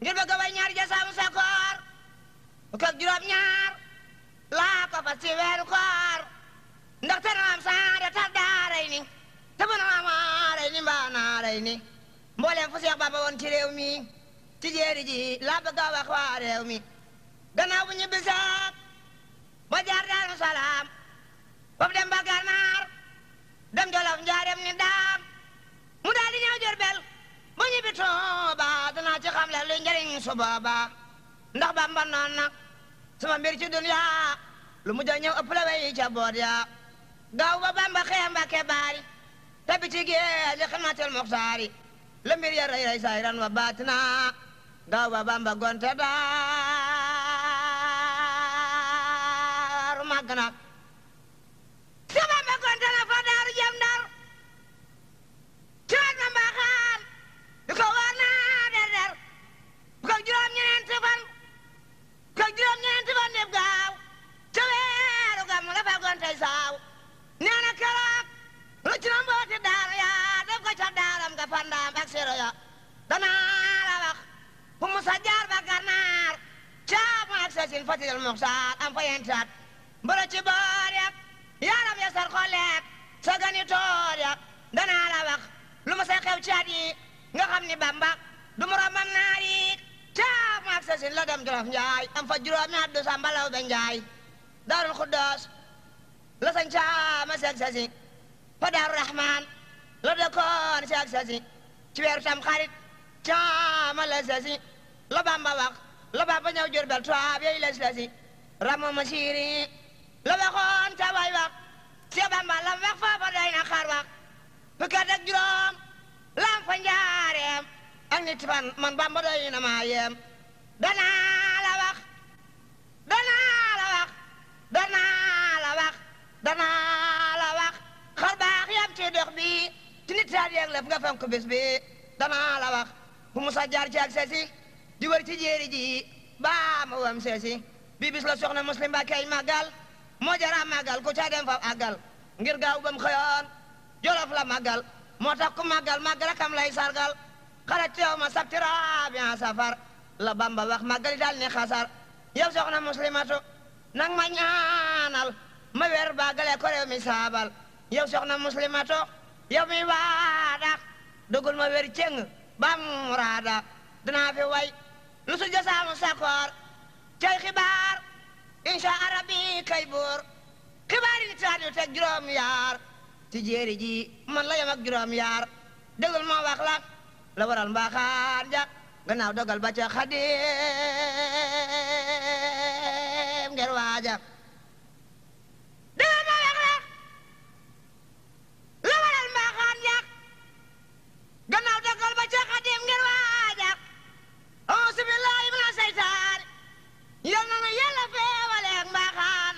ngir bëgg a way ñaar ja saamu sa koor fukk ak juróom ñaar laa ko fas ci weeru koor ndax te naam saare tar daaray ni te bu naam aaray ni mbaa naaray ni mbooleem fu Seex Bamba woon ci mi ci jéeri ji laa bëgg a wax waa mi gannaaw bu ñu bisaak ba jaar Daaru Salaam foofu dem ba Gànnaar dem Jolof njaareem ni daam mu daal di ñëw Jurbel mu ñibbi Tuuba danaa ci xam le luy njëriñ su booba ndax Bamba noon na sama mbir ci duniyaa lu mujj a ñëw ëpp la wey ca boot yaa gaaw ba Bamba xee Mbàkke baari tabi ci géej li xidmatil muxtaari la mbir ya rey rey saay ran wa baatina gaaw ba Bamba gonte daaru màgg na day saaw nee na keroog rëcc na mbooti daara yaa def ko ca daaram nga fandaam ak sero ya danaa la wax fu mu sa jaar ba gannaar caamu ak sasin fatil muxtaar am fa yentaat mbërë ci boor ya yaram ya sar xoleek sa gani toor ya danaa la wax lu ma sa xew caat yi nga xam ni bamba du mu romam naar yi caamu ak sasin la dem jolof njaay am fa juróomi abdu sambalaw be njaay daarul xuddoos la sañ seeg sa si fa daaru rahmaan la dëkkoon seeg sa ci weeru tam xarit caama la sa si bamba wax la bamba ñëw jurbel tubaab yooyu la sa si siiri la waxoon ta way wax si bamba la wax foofa day na xaar wax fukki at ak juróom lam fa njaareem ak nit fan man bamba doy na maa danaa la wax danaa la wax danaa danaa la wax xar baax yam ci dox bi ci nit saat yeeg nga fonk bis bi danaa la wax bu musa jaar ci ak sesi di wër ci jéeri ji baa ma wam sesi bi la soxna muslim ba kay màggal moo jara màggal ku ca dem fa àggal ngir gaaw bam xëyoon jolof la màggal moo tax ku màggal màggal akam lay sargal xarat teew ma sabti rabia safar la bamba wax màggali dal ne xasar yow soxna muslimatu nang ma ñaanal ma weer baagale ko réew mi saabal yow soxna muslimato yow mi waada dugul ma weer ceng bam muraada dinaa fi way lu su josaamu sakoor cay xibaar insha arabi kay buur xibaar yi yu teg juróom yaar ci jéeri ji man la yam juróom yaar dégul ma wax la la waral mbaaxaan ja gannaaw dogal ba ca xadim ngir waaja gannaaw dagal ba ca xadim ngir waaja auzu oh, billaahi mina seytaan yal na nu yàlla feewaleeg mbaaxaan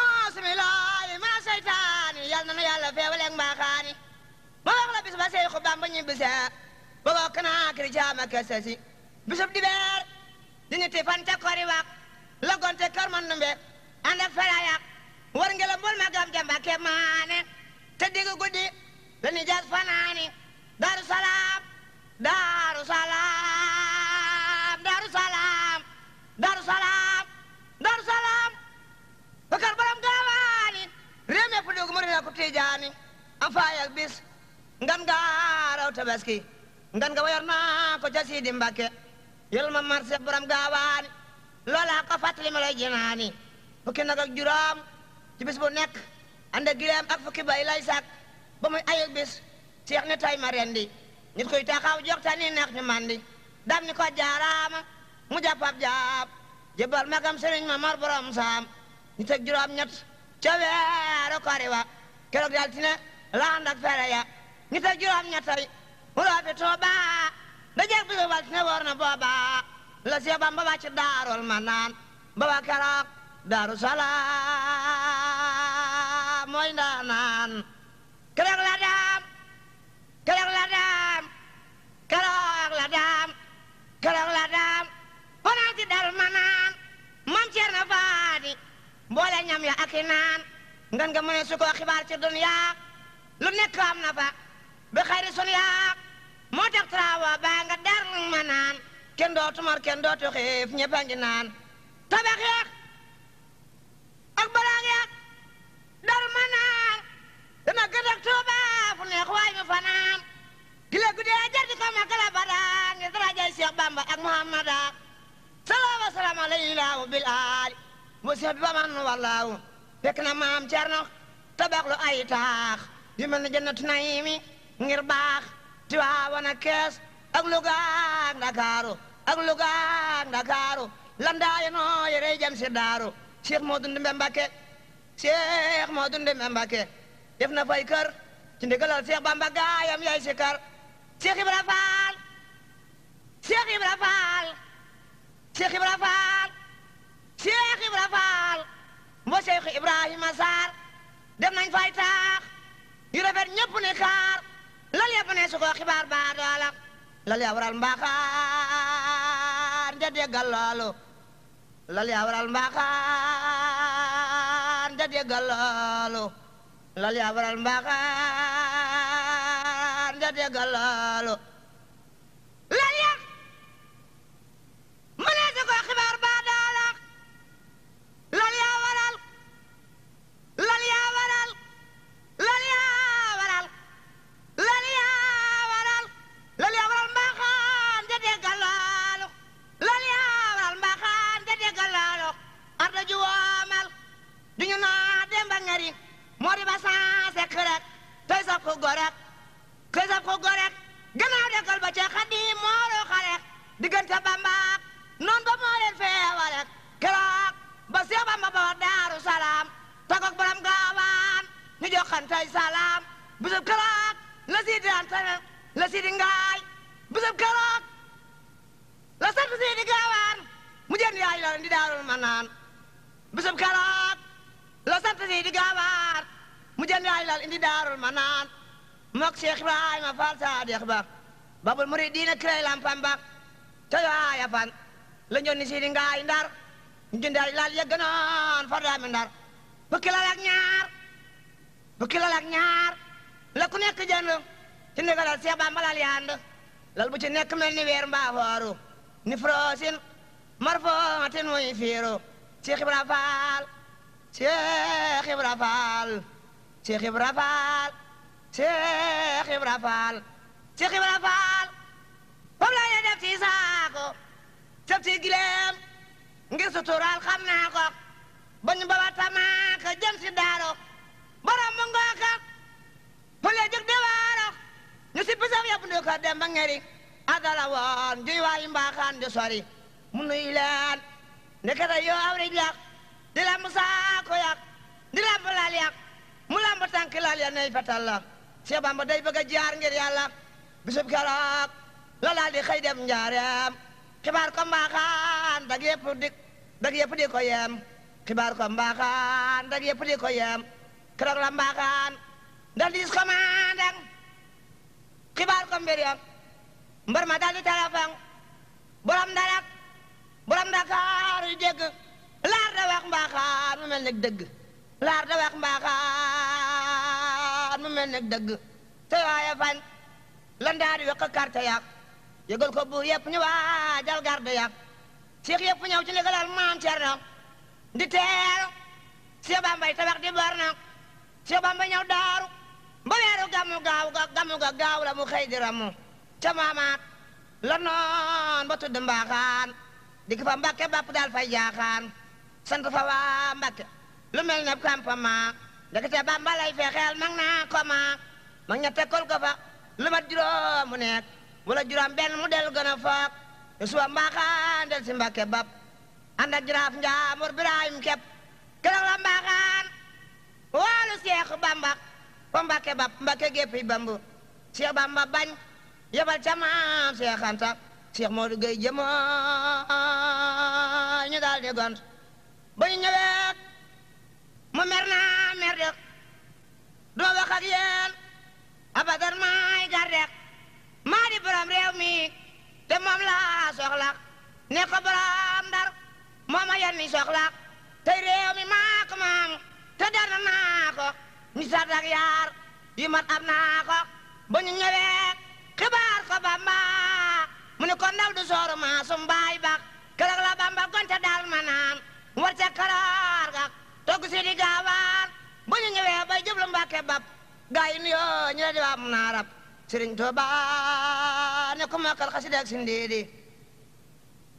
auzu oh, billaahi mina seytaan yal na nu yàlla feewaleeg mbaaxaan ma wax la bis sey xu bamba ñu bisee ba bokk naa kiri jaama kese si bisub dibeer di ñetti fan te kori wax la gonte kër numbe ànd ak ferayak war ngela mbol ma gam jamba ke maane te digg guddi la ni fanaani daaru salaam daaru salaam daaru salaam gaawaani réew mi fu dugg mu rina ku tijaani am faayak bis ngan nga raw tabaski ngan nga wayor naa ko ca siidi mbakke yol ma marse borom gaawaani loola ko fàttali ma lay fukki nag ak juróom bu nekk ànd gileem ak fukki bay lay ba muy ayak bis ceex ni tay ma rendi nit koy taxaw jox tani neex ñu mandi dam ni ko jaaraama mu jàppab jaab jëbal magam sëriñ ma mor borom saam ñu teg juróom ñett ca weeru kori wa keroog dal tine laand ak fere ya ñu teg juróom ñett ay mu roobi tuuba da jeg wal tine woor na booba la siyo ba wàcc daarul ma naan ba wa keroog daaru salaam ndaa naan keroog la daa keroog la daam keroog la daam keroog la daam ma naan mam ceer na faati mboole ñam ya aki naan ngan nga mu ne su koo xibaar ci dunyaa lu nekk am na fa bi xayri sun yaa moo tax trawa baa nga dar ma naan kenn dootu mar kenn dootu xiif ñëpp a ngi naan tabax yeex ak baraag yeex dar ma naan dana gëdd ak tuuba neex waay ma fanaan gile guddee jar di ko magal abadan ngir darajay Cheikh Bamba ak Muhammada salaam salaam alayhi bil aali mu Cheikh bi ba man wallaahu fekk na maam Cerno tabaxlu ay taax yu mel ne jannatu naimi ngir baax Tiwaawan ak Kees ak Luga ak Ndakaaru ak Luga ak Ndakaaru landaayo noo yere jam si daaru Cheikh moo dund Mbàkke Cheikh moo dund Mbàkke def na fay kër ci ndigalal Cheikh Bamba gaayam yaay sikar Cheikh Ibra Faal Cheikh Ibra Faal Cheikh Ibra Faal Cheikh Ibra Faal moo Cheikh Ibrahima Sarr dem nañ fay taax yu rafet ñëpp ni xaar lal yëpp ne su ko xibaar baa doola lal yaa waral mbaaxaan da déggal loolu lal yaa waral mbaaxaan da déggal loolu lal yaa waral mbaaxaan nga déggal loolu kirey lam pamba toyaya fan la ñonni siidi ngaay ndar njindaay laal yegganoon fardaami ndar fukki lal ak ñaar fukki lal ak ñaar la ku nekk jënd ci ndigalal Seex Bamba lal yand lal bu ci nekk mel ni weer mbaa fooru ni froosin mar footin muy fiiru Seex Ibra Faal Seex Faal Seex Ibra Faal Seex Ibra Faal Seex Ibra Faal moom laa leen def gileem ngir suturaal xam naa ko ba ñu baba tamaaka jëm si daaro borom mu ngooka mu lee jóg dewaaro ñu si pisam yóbbu ndi ko ngeri adala juy waayi mbaaxaan di sori mu nuy leen ndekete yoo awrij lak di lamb saako yak di lamb lal yak mu lamb tànk lal ya ney fetal la Seex Bamba day bëgg a jaar ngir yàlla bisub keroog la daal di xëy dem njaareem xibaar ko mbaaxaan dag yëpp di dag yëpp di ko yem xibaar ko mbaaxaan dag yëpp di ko yem keroog la mbaaxaan dal diis ko ko mbir yam mbar ma dal di telefon borom darak borom Dakar yu dégg laar da wax mbaaxaan mu mel ne dëgg laar da wax mbaaxaan mu mel ne dëgg te waaye fañ lan daal di wax carte yàq yëgal ko buur yëpp ñu waajal garde yàgg seex yëpp ñëw ci ligalal maam Cerno di teeru Seex Bambay tabax di barna Seex Bambay ñëw daaru ba weeru gamu gaaw ga gaaw la mu xëy di ramu ca maamaat la noon ba tudd mbaaxaan dikk fa Mbàkke bàpp daal fay jaaxaan sant fa waa Mbàkke lu mel ne campement ndekete Bamba lay fexeel mag naa ko mag ña tekkul ko fa lu mat juróom mu nekk wala juróom benn mu del gën a foog te suba si mbàkke bab ànd ak njaamur birahim kepp keroog la mbaaxaan walu seex bamba fa mbàkke bab mbàkke géppi bamb seex bamba bañ yebal ca seex anta seex moodu gay jëmo daal di gont ba ñu mu mer naa mer dëkk doo wax ak yéen abadan maay gar dëkk maa di borom réew mi te moom laa soxla ne ko borom ndar mooma yor mi soxla te réew mi maa ko te dara naa ko ni yaar yu mat am naa ko ba ñu ñëwee xibaar ko Bamba mu ne ko ndaw du sooru maa sum baay baax keroog la Bamba gonte daal ma naam war ca karaar ga togg si di gaawaan ba ñu ñëwee bay jublu Mbàkke bab gaa yi nuyoo ñu ne waa mu naarab sëriñ Tuuba ne ko mokkal xasida ak sindeede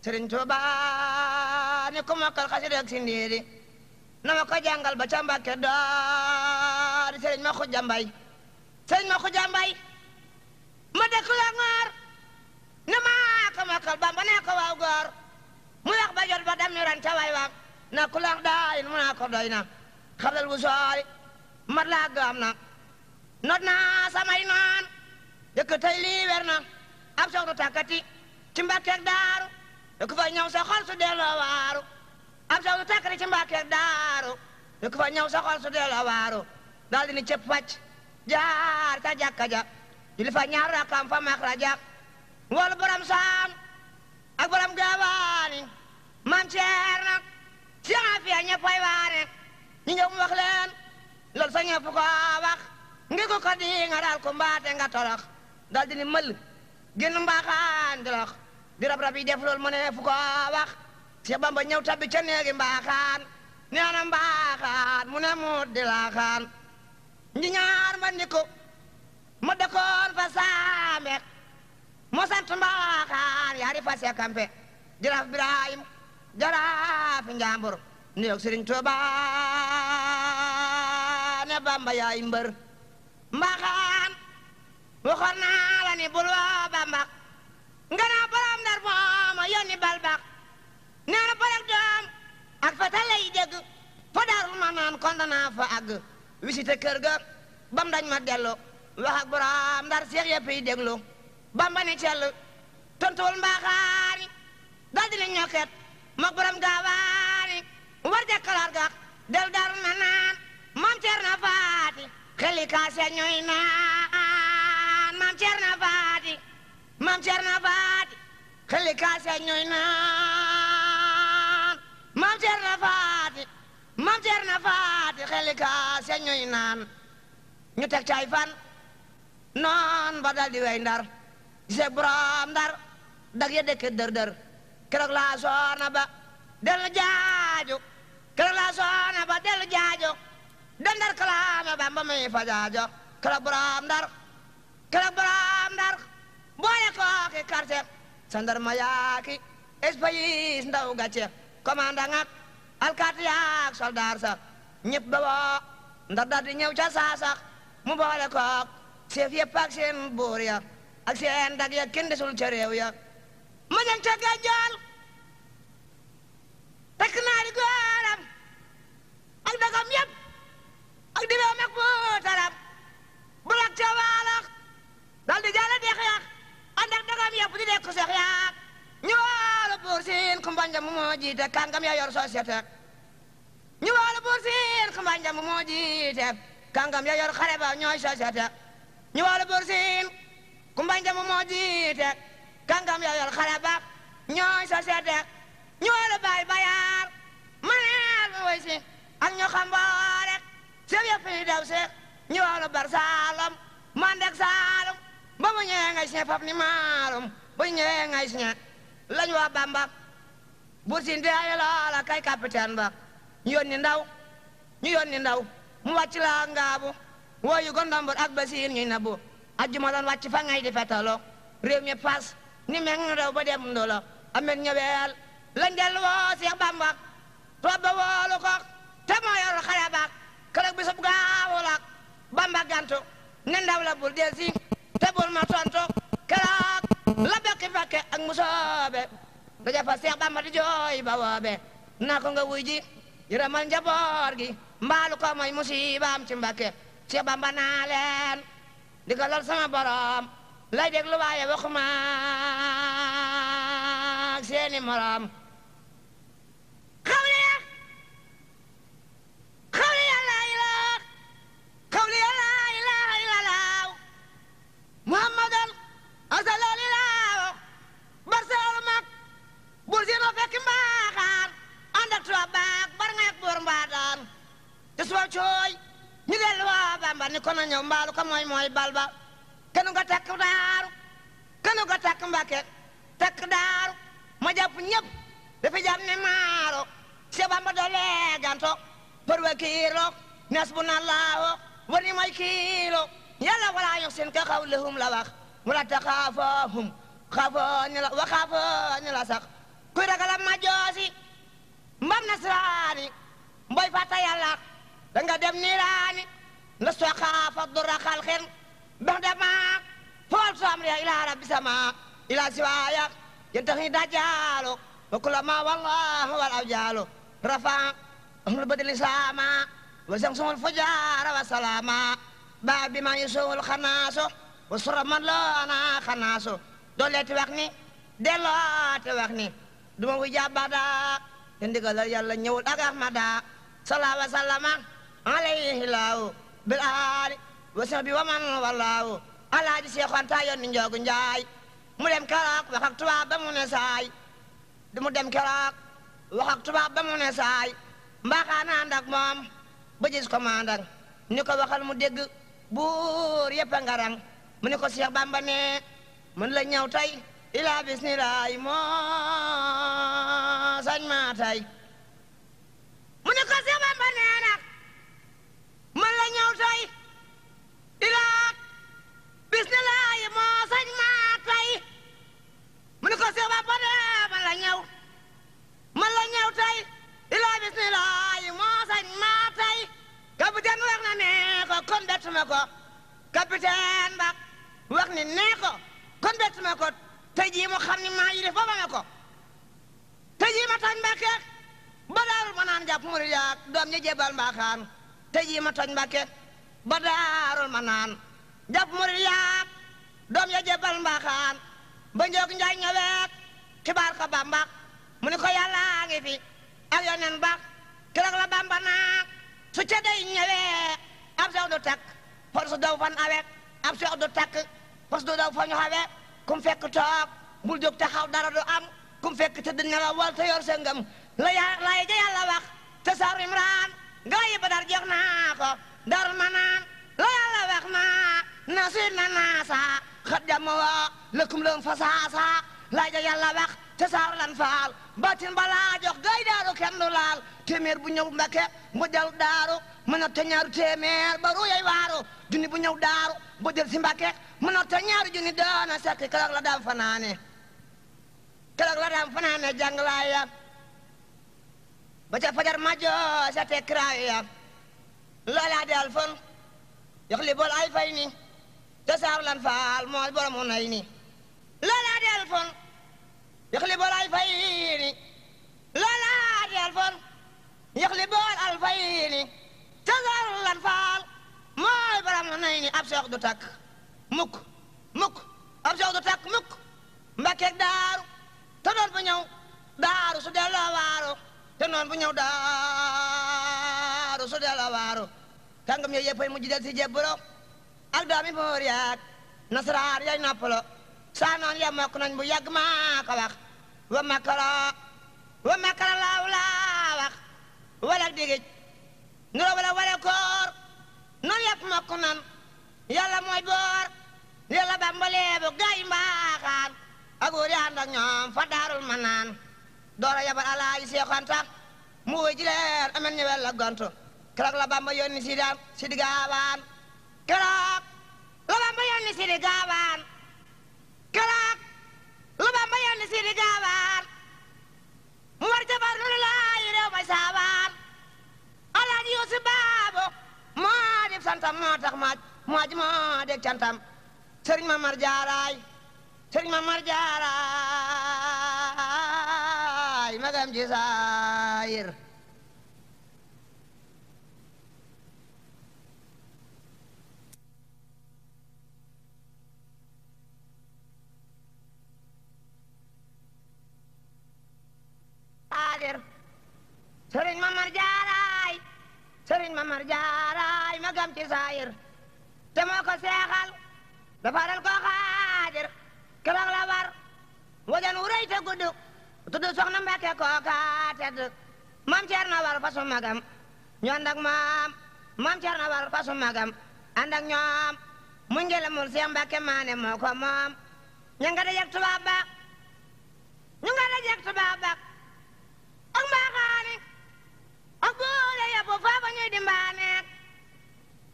sëriñ Tuuba ne ko mokkal xasida ak sindeede na ma ko jàngal ba ca Mbàkke daari sëriñ ma xujja mbay ma xujja ma dëkk la ngoor ne maa ko mokkal Bamba ne ko waaw góor mu wax ba jot ba dem ñu ren ca way waam na ku lax daayin mu naa ko doy na xabdal bu soori mat laa gaam na not naa samay noon dëkk tey lii wer na ab soxna tàkkati ci mbàkkeeg daaru dëkk fa ñëw sa xol su waaru ab soxna tàkkati ci mbàkkeeg daaru dëkk fa ñëw sa xol su delloo waaru daal di ni cëpp wàcc jaar ca jàkka ja fa ñaar rakam fa maxraja saam ak borom gaawaani maam ceer na ci afiya ñëppay waane ñu ñëw mu wax leen loolu ko wax ngi ko ko di nga daal nga torox daal di ni mël génn mbaaxaan di lox di rab-rab yi def loolu mu ne Bamba ñëw tabbi ca neegi nee na mbaaxaan mu ne mu di laaxaan ñi ñaar ma ni ko ma dëkkoon mo sant mbaaxaan yaari fa sekampe jaraaf Birahim jaraaf Njàmbur ni yoog Sëriñ Tuuba ne Bamba yaay mbër waxoon naa la ni bul woo bambak nga naa borom ndar mooma yónni balbak nee na barek doom ak fa ta lay fa daarul ma naan kondanaa fa àgg visité kër ga bam dañ ma dellu wax ak borom ndar seex yëpp yi déglu bamba ni cell tontuwul mbaaxaani dal di ni ñokket mook borom gaawaani war jakkalaar gax del daarul ma naan moom ceer na faati xeli kaase ñuy naa maam Cerno Faati maam Cerno Faati xëli kaase ñooy naan maam Cerno Faati maam Cerno Faati xëli kaase ñooy naan ñu teg cay fan noon ba dal wey ndar se borom ndar dag ya dëkk dër dër keroog laa soona ba dellu jaaju keroog laa soona ba dellu jaaju dandar kalaame ba mba muy fa jaajo keroog borom ndar kala borom ndar mboole kooki karte sandarma yaaki espayis ndaw gàcce commandant ak alkaati yaak soldaar sax ñëpp ba woo ndar daal di ñëw ca saa sax mu boole kook chef yëpp ak buur ya ak seen dag ya kenn desul ca ya ma dem ca gàjjool takk naa di góoram ak dagam yëpp ak dibeem ak buutaram bulak ca waalax dal di jàll deex yàq ànd ak dagam yëpp di dekk seex yàq ñu woola buur siin kumbanja mu moo jiite kàngam ya yor société ñu woola buur siin kumbanja mu moo jiite kàngam ya yor xare ba ñooy société ñu woola buur siin kumbanja mu moo jiite kàngam ya yor xare ba ñooy société ñu woola baay bayaar maneer mu way si ak ñu xam boore seex yëpp daw seex ñu woola bar saalum man dek saalum ba mu ñëwee ngay sine fab ni maalum bu ñëwee ngay sine lañ waa bambak bur si ndeyee loola kay capitaine ba ñu yónni ndaw ñu yónni ndaw mu wàcc laa ngaabu wooyu gondombor ak basiir ñuy nabu ajjuma doon wàcc fa ngay di fetalo réew mi paas ni meng rew ba dem ndolo amet ñëweel lañ del woo Seex Bamba toob ba woolu ko te moo yor xare baak keroog bisub gaawulaak Bamba gantu ne ndaw la bul del si te bul ma tontu keroog la bekki fakke ak musoobe daja fa Seex Bamba di jooy ba woobe naa ko wuy ji yërëmal njaboot gi mbaalu ko mooy musibaam ci Bamba naa leen di sama borom lay déglu waaye waxuma ak seeni morom xawle muhammadan asalalilaaw barsaal mag bur sino fekk mbaaxaan ànd baak bar ngay boor mbaataan te cooy ñu dellu waa ni kono mbaalu ko mooy mooy balba kenu nga takk daaru kenu nga takk mbake takk daaru ma jàpp ñëpp dafa maaro se bamba dole ganto për we kiiro na laawo war ni mooy kiilo yàlla walaa yox seen ka xaw lahum la wax wala ta xaafohum xaafoo ñu la wa xaafoo ñu la sax kuy ragala ma joosi mbam nasraani mboy fàtta yàlla da nga dem niiraani nda soo xaafa dura xal xen bax damaak fool soam ria ilaa rabbi sama ilaa siwaaya yen tax ñi daa jaalo wa kula ma wallahu wal aw jaalo rafa ahlu badil islaama wa sang sumul fujaara wa salaama baa bi maa ñu sowul xanaaso wa sura man loona xanaaso dooleeti wax ni dellooti wax ni duma wu jabada te ndigalal yàlla ñëwul ak ahmada sala wa sallama alayhi laaw bil aali wa sahbi wa man alaaji seexanta yoon ni njoogu njaay mu dem keroog wax ak tubaab ne saay mu dem keroog wax ak tubaab ne saay mbaaxaana ànd moom ba gis ko maandag ko waxal mu dégg buur yëpp a ngarang mu ko Cheikh Bamba ne mën la ñëw tay ilaa bismillaay moo sañ maa tey mu ko Cheikh Bamba nee na mën la ñëw tey ilaa bismillaay moo maa tey mu ko Cheikh Bamba nee mën la ñëw mën ilaa bismillaay moo maa capitaine wax na nee ko kon bettuma ko capitaine ba wax ni nee ko kon bettuma ko tey jii xam ni maa yilif ba ma ko tey ma toj Mbàkke ba ma naan jàpp yaak doom ñi jébal mbaaxaan tey ma toj Mbàkke ba ma naan jàpp yaak doom ya jébal mbaaxaan ba njaay ñëweek xibaar ko Bamba mu ni ko yàlla ngi ak yoneen ba keroog la Bamba naak su ca day ñëwee ab sew du takk force daw fan awek ab sew du takk force du daw fañu xawee kum fekk toog bul jóg taxaw dara du am kum fekk tëdd nelaw wal te yor la laay ja wax te sar imraan gaa yi badar jeex naa ko darul ma naan la yàlla wax naa nasi na naasa xat jàmm wa lëkkum lëm fasaasa laay ja yàlla wax te sar lan faal batin balaa jox gay daaru kenn du bu ñëw mbake mu jal daaru mën a ta ñaaru téeméer ba ruyay waaru junni bu ñëw daaru ba jël si mbake mën a ta ñaaru junni daana sekk la daam fanaane keroog la daam fanaane jàng laaya ba ca fajar majo sa te kraaya loolaa di alfon yox li bol ay fay ni te saar lan faal mooy boromu nay ni loolaa di alfon يخلب الألفين لا لا الفن يخلب الألفين تزر الأنفال ما برمنين أبسق دوتك مك مك أبسق دوتك مك مبكك دار تنون بنيو دار سدل وارو تنون بنيو دار سدل وارو kàngam yooyu yëpp ay mujj del si jébbalo ak doomi foor yaak nasaraar yaay noppalo saa noon ya mokk nañ bu yàgg maa ko wax wa makara wa makara laaw laa wax wala digij nu la wala wala koor noon yàpp mokk nan yàlla mooy boor yàlla bambalee bu gay mbaaxaan ak wóor ànd ak ñoom fa daarul ma naan doora yabal alaaji seexanta mu wéy ji amen ñëwel la gontu keroog la bamba yónni si daan si la bamba yónni si di kalaak lu Bamba yónni Sidi Gaawaar mu war jabar lu laay réew may saawaar Alaaji Yuusuf Baabo moo def santam moo tax maaj maaj moo def cantam Sëriñ Mamar Jaaraay Sëriñ Mamar Jaaraay magam ji saayir xaadir sëriñ mamar jaaraay sëriñ mamar jaaraay magam ci saayir te moo ko seexal dafaral ko xaadir la war wajan wu rëy te gudd tudd soxna mbàkke kooka tedd maam ceer na war fasu magam ñu ànd ak maam ceer na war fasu magam ànd ak ñoom mu ngelamul seex mbàkke maane moo moom ñu nga dajeg tubaab ba ñu nga dajeg tubaab ba ak mbaaxaane ak góore ya bu faa ba ñuy dimbaaneek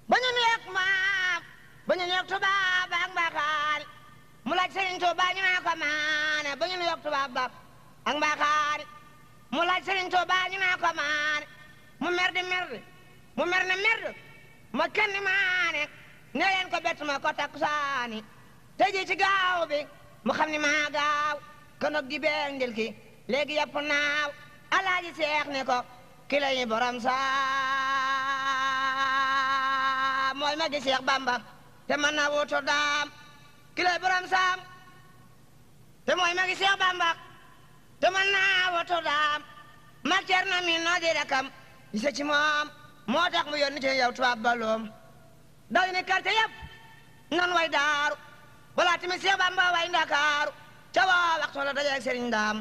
ba ñu maam ba ñu nuyoog tubaab ak mbaaxaane mu laaj Sëriñ Tuubaa ñu ak mbaaxaane mu laaj Sëriñ Tuubaa ñu naa ko mu mer di mu mer ne mer di ma kenn maane ne leen ko bett ko takkusaani tey jii gaaw bi mu xam ni maa gaaw kon ak ki léegi yàpp naaw alaaji seex ne ko ki la saam mooy ma gi seex bamba te mën na wuutu daam ki lay borom saam te mooy ma gi seex bamba te mën na wuutu daam mag cer na min noo di rakam gise ci moom moo tax mu yónni te yow tubaab baloom daw ni karte yëpp nan way daaru wala tamit seex bamba way ndakaaru ca waa waxtu la dajeeg sëriñ daam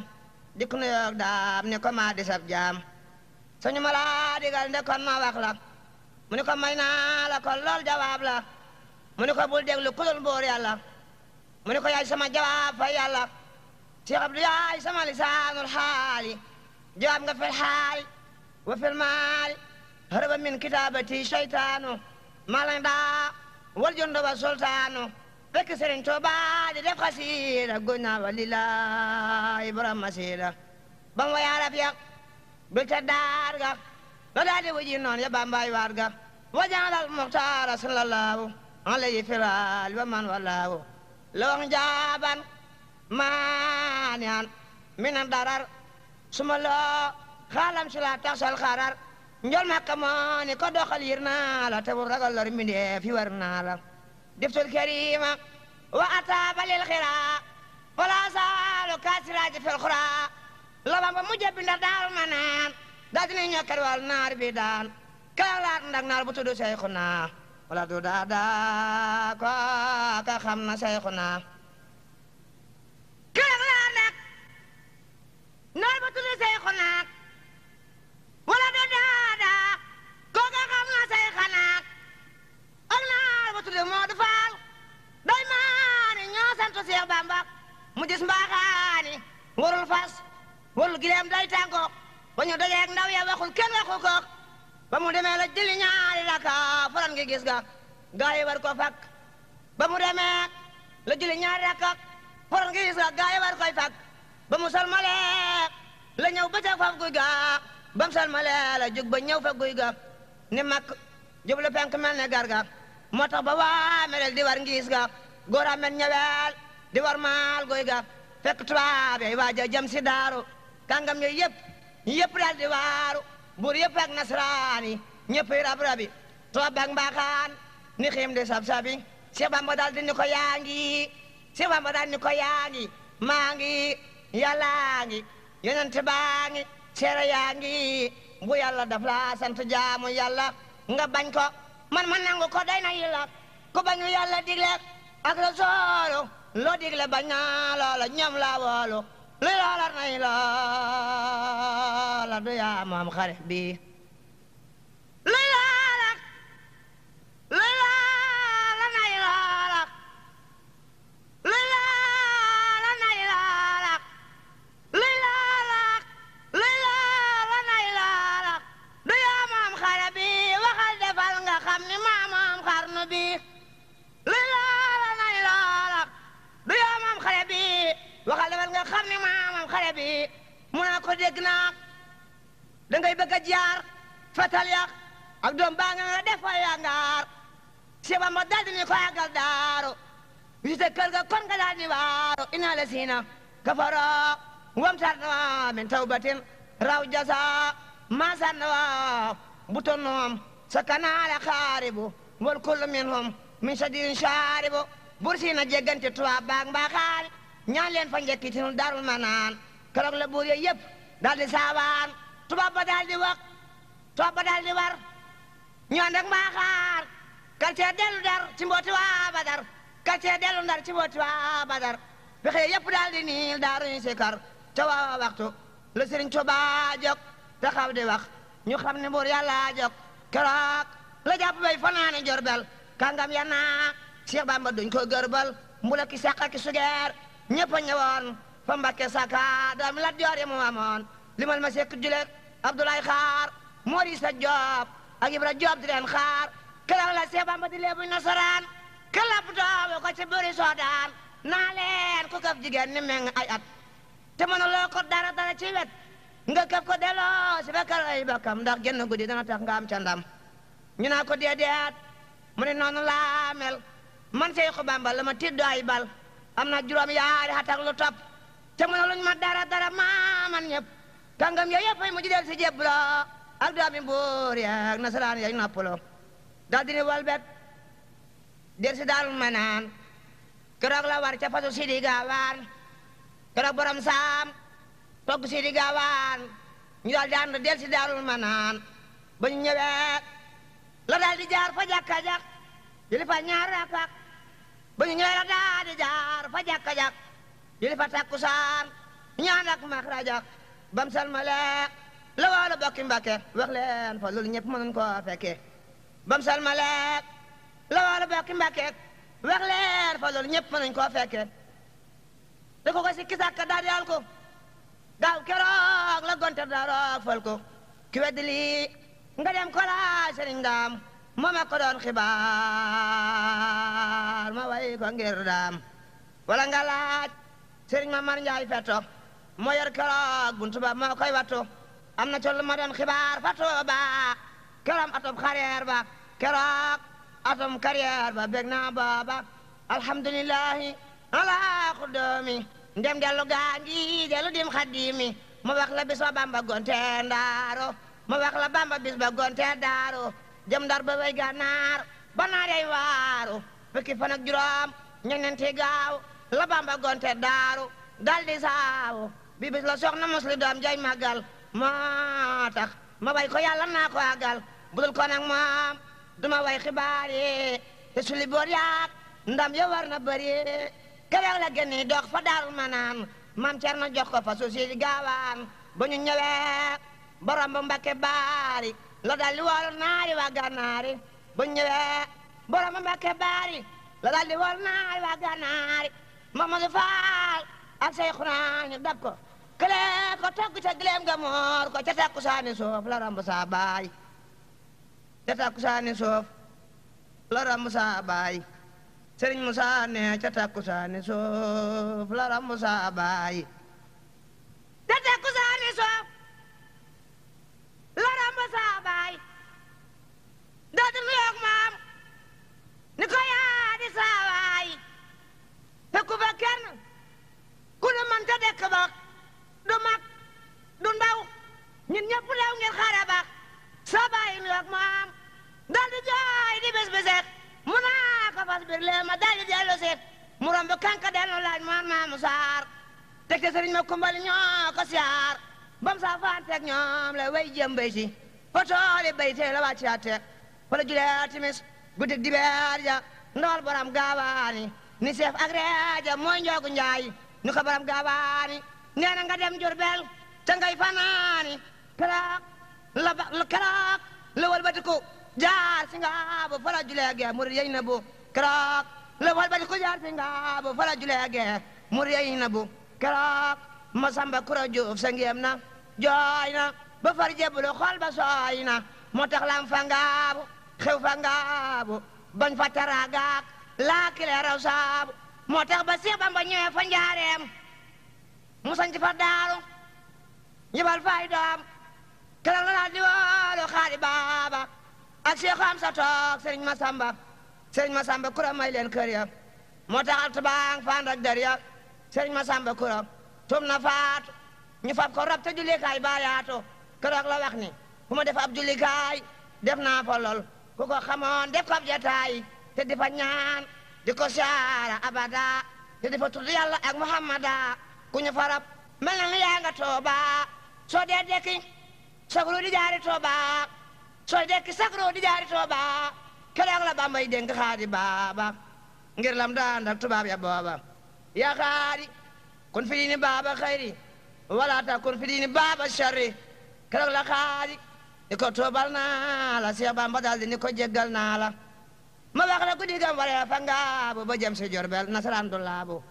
dikk nu yoog daam ne ko maa di sab jaam suñu ma digal nde kon ma wax mu ni ko may la kon lool jawaab la mu ni ko bul déglu kulul mbóor yàlla mu ni ko yaay sama jawaab fa yàlla Cheikh Abdou yaay sama lisaanul xaali jawaab nga fil xaali wa fil maali haraba min kitaabati shaytaanu malan daa wal jondoba sultaanu fekk Sëriñ Tuuba di def xasiida guna walilaay borom masiila bam wa yaarab ya bil ta daar ga la daa di wuji noon ya bambaay waar ga wajaanal muxtaara sallallahu alayhi firaal wa man walaahu lawang jaaban maaniyaan minan darar suma loo xaalam si la taxsal xarar njol makka mooni ko doxal yir naa la te bu ragal lor mbindeef yi war naa la دفت الكريم وأتاب للخراء ولا زال كاسراج في الخراء لما مجب دار منام داتني نيكر والنار بيدان كالات ندك نار بتدو شيخنا ولا دودا دا كا خمنا شيخنا كالات ندك نار بتدو شيخنا kenn waxu ko ba mu demee la julli ñaari raka faran ngi gis ga gaay war ko fàkk ba mu demee la julli ñaari raka faran ngi gis ga gaay war koy fàkk ba mu salmalee la ñëw ba ca faf guy ga ba mu salmalee la jug ba ñëw fa guy ga ni mak jublu penk ne gar ga moo tax ba waa melel di war ngiis ga góor a ñeweel di war maal guy ga fekk tubaab yi waaj a jëm si daaru kàngam yëpp yëpp daal di waaru buur yëpp ak nasaraan yi ñëppay rab-rabi toob ak ni xiim di sab-sabi Seex Bamba di ni ko yaa ngi Seex Bamba ni ko yaa ngi maa ngi yàllaa ngi yonente baa ngi seere yaa ngi bu yàlla daf laa sant jaamu yàlla nga bañ ko man man nangu ko day na yàlla ku bañu yàlla digle ak la soolu loo digle bañ naa loola ñoom laa woolu li loola nay la la du yaa moom xare bi min tawbatin raw jasa ma sannawa buton noom sakanala xaaribu wal kullu minhum min shadin sharibu bursina jeggante tuwa baag mbaa xaari ñaan leen fa njekkitinu darul manaan keroog la buur yooyu yëpp saawaan tubaab ba daal di tubaab ba daal war ñu ànd ak mbaa xaar dellu dar ci mbooti waa Badar quartier dellu ndar ci mbooti waa Badar fexe yëpp niil daaruñu si kar ca waa waxtu la sëriñ Tuubaa jog taxaw di wax ñu xam ne buur yàlla jog keroog la jàpp bay fanaane jorbel kàngam ya naa Cheikh Bamba duñ ko gërbal mbula ki ki sugeer ñëpp a ñëwoon fa Mbàkke saka doomi Lat Joor yi mu amoon limal ma sekk julek Abdoulaye Xaar Mori sa Joob ak Ibra Joob di leen xaar keroog la Cheikh Bamba di leebuñ nasaraan kelab doobu ko ci buri soodaan naa leen ku kaf jigéen ni meng ay at te mënuloo ko dara dara ci wet nga këf ko delloo si fekkal ay bakkam ndax genn guddi dana tax nga am ca ñu naa ko déedéet mu ne noonu laa mel man Seexu Bamba la ma tiddo ay bal am na juróom yaari at ak lu topp te mënuluñ ma dara dara maa man ñëpp kàngam ya yëpp ay del si jébbuloo ak doomi buur ya nasaraan ya noppaloo dal dini walbet del si daal ma naan keroog la war ca fasu Sidi Gaawaan keroog borom saam togg si di gaawaan ñu daal di ànd del si daarul manaan ba ñu ñëwee la daal di jaar fa jàkka jàkk jëli fa ñaar rakak ba ñu la daal di jaar fa jàkka jàkk jëli fa takkusaan ñu ànd ak maxrajak bam salmalee la wala bokki mbàkke wax leen fa loolu ñëpp mënuñ koo fekkee bam salmalee la wala bokki mbàkke wax leen fa loolu ñëpp mënuñ koo fekkee dafa ko sikki sàkka daal di àll ko gaaw la gonte daaroog fal ki weddi lii nga dem ko laaj sëriñ daam doon xibaar ma way ko ngir daam wala nga laaj sëriñ ma mar fetto moo yor keroog buntu moo koy wattu am na col ma doon xibaar fatto ba keroom atom ba keroog atom carrière ba bég naa booba alhamdulilahi ala xudoomi ndem dellu gaangi dellu dim xadimi ma wax la bis ba bamba gonte ndaaro ma wax la bamba bis ba gonte daaro jëm ndar ba way gànnaar ba naar waaru fukki fan ak juróom ñenenti gaaw la bamba gonte daaru daldi saawu bi bis la soxna musli doom jay màggal moo tax ma way ko yàlla naa ko àggal budul ko nag moom duma way xibaar suli boor yaak ndam yo na bëri kerew la génni dox fa daaru manaan maam Cerno jox ko fa suusi gaawaan ba ñu ñëwee borom bu mbakke baari la daldi naari waa gànnaari ba ñu borom bu mbakke baari la daldi woolu naari waa gànnaari Mamadu Faal ak say dab ko kële ko togg ca gileem ga ko ca takku saani suuf la baay ca takku saani suuf la baay sëriñ Musaa ne ca takkusaani soof la ram Musaa bàyyi da takkusaani soof la ram Musaa bàyyi dootu nu maam ni ko yaa di saawaay te ku ku ne ta dekk ba du mag du ndaw ñun ñëpp ngir xare ba soo bàyyi maam dal di jooy di bés mu naa ko fas bir ma daal di dellu seet mu romb kanka dellu laaj moon maa mu saar teg te ma kumbali ñoo ko siyaar bam saa faanteeg ñoom la way jëm bay si fa tooli bay tey la wàcc yaa teeg fa la julee timis guddi dibeer ja ndawal borom gaawaani ni seef ak mooy njoogu njaay ni ko borom gaawaani nee nga dem Jurbel te ngay fanaani kalaak la kalaak la walbatiku jaar si nga ba fala julee gee murid yeñ na bu keroog la walbati ku jaar si nga fala julee gee murid yeñ na bu keroog Masamba Kura Juuf sa ngéem na jooy ba far jébbalu xol ba sooy na moo tax lam fa ngaabu bañ fa taraagaak laa saabu moo tax ba Seex Bamba ñëwee fa njaareem mu sanc fa daaru ñibal fay doom keroog la laa diwaalu xaali baaba ak Cheikh sa toog Serigne Massamba Serigne Massamba kura may leen kër ya moo tax alt baang faan ak der ya Serigne Massamba kura tum na faat ñu fab ko rab te jullikaay baa yaatu keroog la wax ni bu def ab jullikaay def naa fa ku ko xamoon def ko ab jataay te di fa ñaan di ko saara abada te di fa tudd yàlla ak muhammada ku ñu fa rab mel ni yaa nga tooba soo dee dekki sagulu jaari tooba sooy dekki sakro di jaari Tooba keroog la Bambay dénk xaadi baaba ngir lam daan ak tubaab ya booba yaa xaadi kun fi baaba xayri wala ta kun fi baaba sharri keroog la xaadi ni ko toobal naa la Seex Bamba daal ni ko jéggal naa la ma wax la ku digam waree ba jëm si Jurbel nasaraan du laabu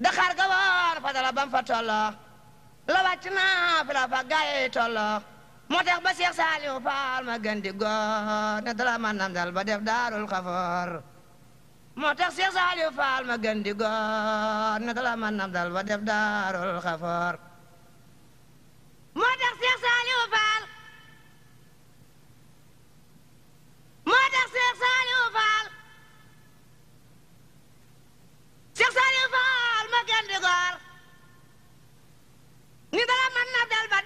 daxaar ga woon fa dala bam fa tollo la wàcc naa fi la fa gaay tollo moo tax ba Cheikh Saliou Fall ma gën di góor ne dala ma namdal ba def daarul xafoor moo tax Cheikh Saliou Fall ma gën di góor ne dala ma namdal ba def daarul xafoor moo tax Cheikh Saliou Fall moo tax Cheikh Saliou Fall Cheikh Saliou Fall ma gën di góor ni dala ma namdal ba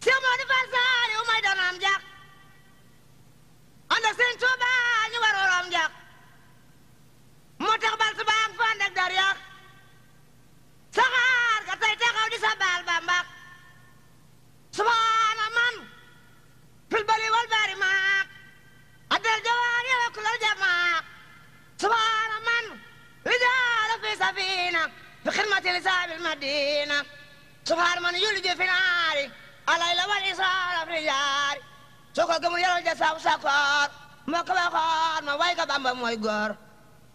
Seex Moodu Faal Saaliw mooy doomam jax ànd ak Sëñ Tuuba ñu warooroom jax moo tax bal su baang fa ànd ak ga tey taxaw di sa baal Bamba subaana man fil bari wal bari maak addal jawaar ya wakkul al jamaak subaana man rijaal fi safina fi xidmati lisaabil madina subaana man yulju fi naari alay la wal isaara fi yaari soo ko gëmul yaral ja saam sakoor moo ko waxoon ma way ko bamba mooy góor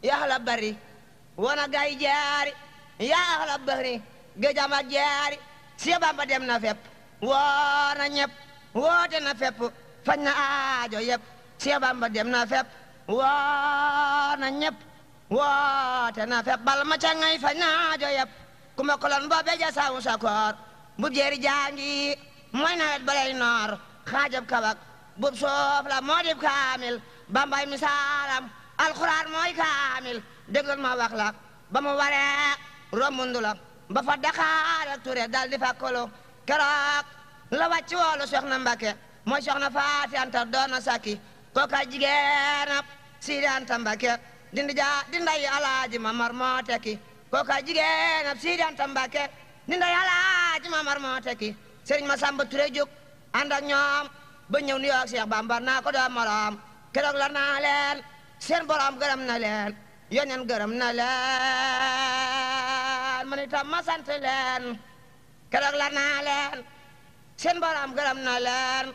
yaa la bari wana gay jaari yaa la bari géjama jaari si bamba dem na fépp woona ñëpp woote na fépp fañ na aajo yëpp si bamba dem na fépp woona ñëpp woote na fépp bal ma ca fañ na aajo yëpp kuma kolon boobe ja saam sakoor bu jeeri jaangi mooy nawet balay noor xaajab kabak bub soof la moo kaamil bambay misaalam alxuraan mooy kaamil déggal ma wax la ba mu waree romundu ture dal di fa kolo keroog la wàcc woolu mooy soxna Faati doona sakki kooka jigéenab Sidi Anta Mbàkke dindi alaaji Mamar moo kooka jigéenab Sidi Anta Mbàkke dinday alaaji Mamar moo sëriñ Masamba samba jóg ànd ak ñoom ba ñëw nuyoo ak Cheikh Bamba naa ko doon moroom keroog la seen borom gërëm na leen yeneen gërëm na leen man itam ma leen keroog la naa leen seen borom gërëm na leen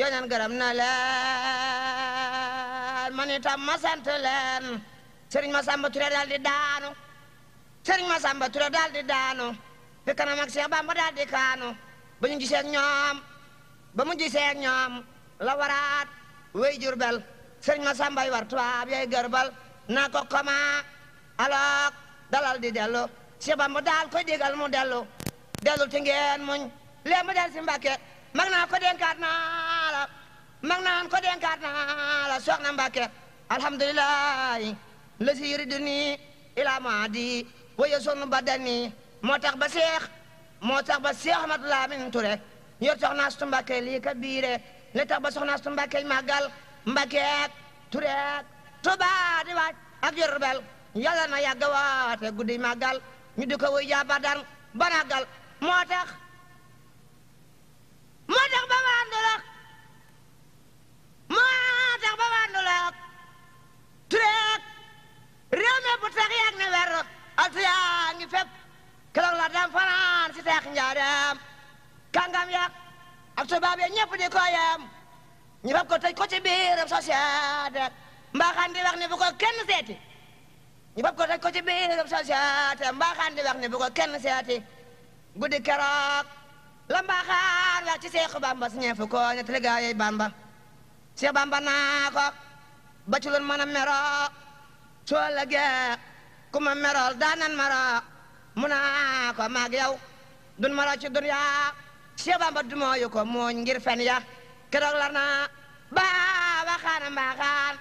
yeneen gërëm na leen man itam ma sant leen sëriñ Masamba Touré daal di daanu sëriñ Masamba Touré daal di daanu fi kanam ak Bamba daal di kaanu ba ñu gisee ak ñoom ba mu gisee ak ñoom la waraat wéy jurbel sëriñ ma sàmbay war tubaab yay gërbal naa ko koma dalal di dellu si bamba daal koy digal mu dellu dellu ti muñ lee mu del si mag naa ko dénkaat naa la mag naan ko dénkaat naa la soxna mbàkke alhamdulilahi la si yëri du nii ilaa maa di waye sonu badani moo tax ba seex moo tax ba Cheikh Ahmadou Lamine Touré yor soxna Astu Mbàkke lii ka biire li tax ba soxna Astu Mbàkke màggal Mbàkke ak Touré ak Tuubaa di waaj ak Jurbel yàlla na yàgg waate guddi màggal ñu di ko wuy jaabadan banagal moo tax moo tax ba wàndulak moo tax ba wàndulak Touré xaram ya ak tubaab ya ñëpp di ko yam ñu fab ko tëj ko ci biir société mbaaxaan di wax ne bu ko kenn seeti ñu fab ko tëj ko ci biir société mbaaxaan di wax ne bu ko kenn seeti guddi keroog la mbaaxaan wax ci Seexu Bamba si ñeefu ko ñetti liggéey Bamba Seex Bamba naa ko ba ci loon mën a meroo soo lëggee ku ma merool daanan ko maag yow dun maro ci dunyaa Cheikh Bamba du mooyu ko mooñ ngir fen ya keroog lar na baawa xaana mbaaxaan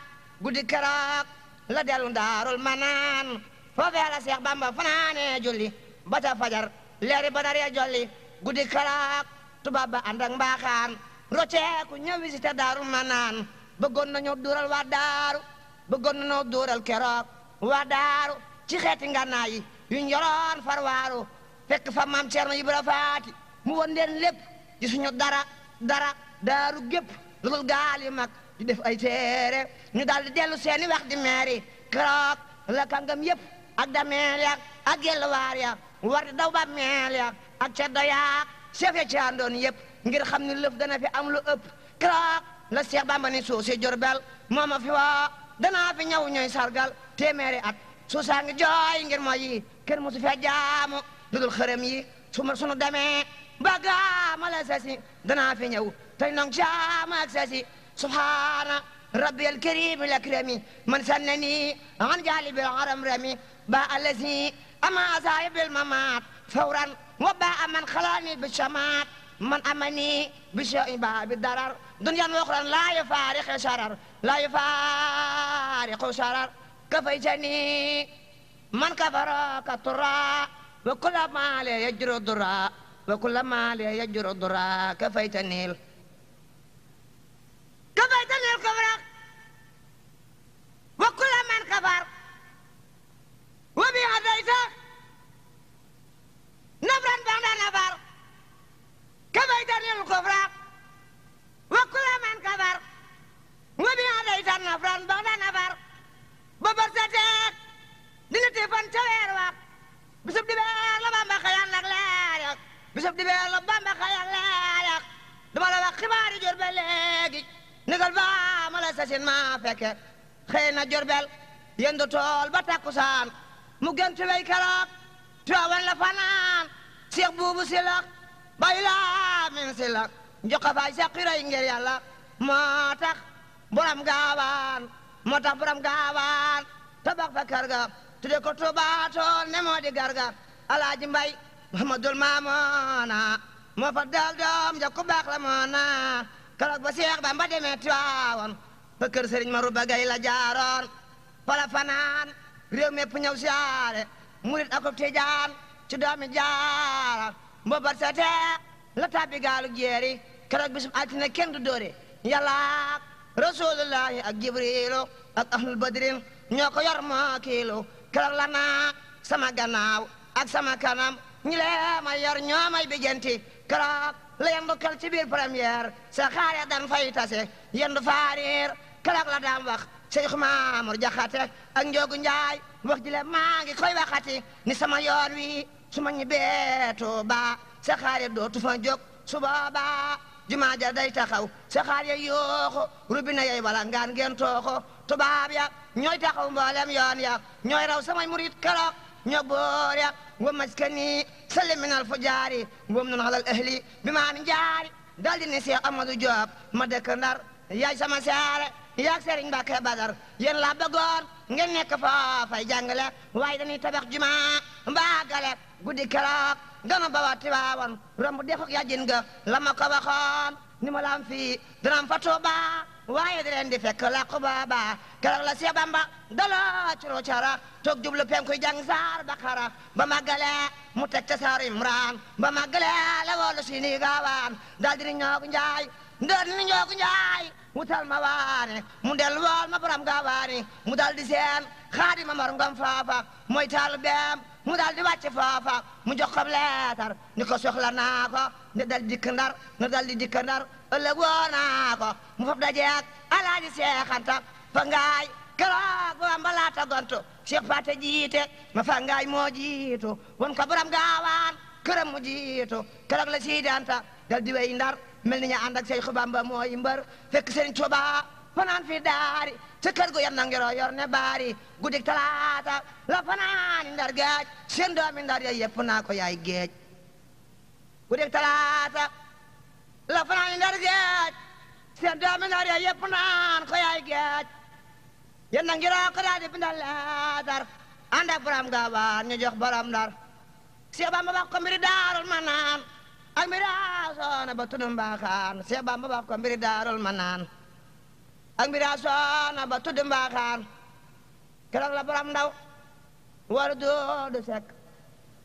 guddi keroog la dellu daarul manaan foofee la Cheikh Bamba fanaane julli ba fajar leeri ba daree jolli guddi keroog tubaab ba ànd ak mbaaxaan rocceeku ñëw visité daarul manaan bëggoon nañu duural waa daaru bëggoon nañu duural keroog waa daaru ci xeeti ngànnaay yi yuñ yoroon farwaaru fekk fa maam Cerno Ibra Faati mu won leen lépp gisuñu dara dara daaru gépp lu dul gaal yu mag def ay téere ñu daal dellu seeni wax di meeri keroog la kàngam yëpp ak dameel yaag ak yelluwaar yaag war di daw ba meel yaag ak ceddo yaag chef ya ci àndoon yëpp ngir xam ni lëf dana fi am lu ëpp keroog la Seex Bamba ni suuf si Jurbel moom a fi woo danaa fi ñëw ñooy sargal téeméeri at suusaa ngi jooy ngir mooy yi kenn mosu fee jaamu lu dul xërëm yi su ma sunu demee bagaamal sasi danaa fi ñëw tey nong caamal sasi subhaana rabbiyal kariim al akrami man sannani an jaalibil aram rami ba allazi ama saahibil mamaat fawran wa ba aman xalaani bi shamaat man amani bi shayin ba bi darar dunyan wa uxran laa yufaariqu sharar laa yufaariqu sharar kafaytani man kafaraka turra wa kulla maa la yajru durra وكل ما لي يجر الضرا كفيتني ال... كفيتني الكفر وكل من كفر وبي هديت نفرا بعد نفر كفيتني الكفر وكل من كفر وبي هديت نفرا بعد نفر ببرزتك دلتي فانتوير وقت بسبب bisub di beel la Bamba xayal leelak dama la wax xibaari Jurbel léegi nigal ba la sasin ma fekke xëy na Jurbel yendu tool ba takkusaan mu gëntu wey keroog tuwaawan la fanaan Seex Buubu Silak bay Laamin Silak njoka fay saqiray ngir Yàlla moo tax borom gaawaan moo tax borom gaawaan tabax fa kër ga tudde ko tool ne moo di garga Alaaji Mbay Muhammadul Maamuna moo fa dal doom ja ku baax la moona keroog ba Seex Bamba demee Tiwaawoon ba kër Sëriñ Maru Bagay la jaaroon fala fanaan réew mépp ñëw siyaare murit akub tijaan ci doomi jaara mbobat sete la tàbbi gaalu jeeri keroog bisum altine kenn du dóore yàlla rasulullahi ak jibrilu ak ahlul badrin ñoo ko yor moo kiilu keroog la sama gannaaw ak sama kanam ñi lee may yor ñoo may bijanti keroog la yendu kal ci biir première sa xaare dan fay tase yendu faariir keroog la daan wax Cheikh Mamour Jaxate ak Njoogu Njaay wax ji le maa ngi koy waxati ni sama yoon wi su ma ñibbee Tuuba sa xaare dootu fa jóg su boobaa jumaa ja day taxaw sa xaar rubina yay wala ngaan ngeen tooxo tubaab ya ñooy taxaw mboolem yoon ya ñooy raw samay murit keroog نبورك ومسكني سلم من الفجار ومن على الأهل بما من جاري دال النسي أمد جواب مدك نار يا سما سيارة يا سرين باك بدر ين لا بغور ngeen nekk foofay jàngale waaye dañuy tabax juma mbaagale guddi keroog dana bawa tiwaawan romb defuk yajin ga la ma ko waxoon ni ma laam fii danaam fa tuubaa waaye di leen di fekk la xubaaba keroog la Seex Bamba daloo coro cara toog jublu penku jàng saar Bakara ba màggalee mu teg ca saar Imraan ba màggalee la woolu si ni gaawaan daal di ñoogu njaay ndër ni ñoogu njaay wutal ma waane mu del wool ma borom gaawaani mu dal seen xaadi ma morom gam faafa mooy beem mu daal di wàcc mu jox leetar ni ko soxla naa ko ne dal ndar ëllëg woo naa ko mu fab daje ak alaaji Seex Anta fa ngaay keroog ba mbalaata gontu Seex Faate jiite ma fa ngaay moo jiitu won ko gaawaan këram mu jiitu keroog la Sidi Anta dal di wey ndar mel ni ñu ànd ak Seex Bamba mooy mbër fekk Sëriñ Tuubaa fanaan fi daari ca kër gu yam na ngiroo yor ne baari guddik talaata la fanaani ndar gaaj seen doomi ndar ya yëpp naa ko yaay géej guddik talaata la fanaan yi ndar geej seen doomi ndar ya yëpp naan geej yéen na ngiroo ko daal di bindal leetar ànd ak borom gaawaan jox borom ndar Seex Bamba wax ko mbiri daarul ma naan ak mbiri asoona ba tuddu mbaaxaan Seex Bamba wax ko mbiri daarul ma naan ak mbiri asoona ba tuddu mbaaxaan keroog la borom ndaw waru duudu sekk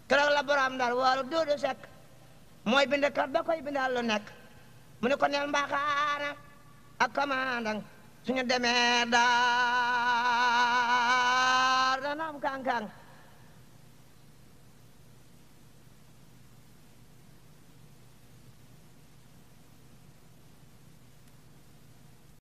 keroog la borom ndar waru duudu sekk mooy bind kat ba koy bindal mu ne ko nel mbaxaana ak kamandang suñu demee daar dana am kànkang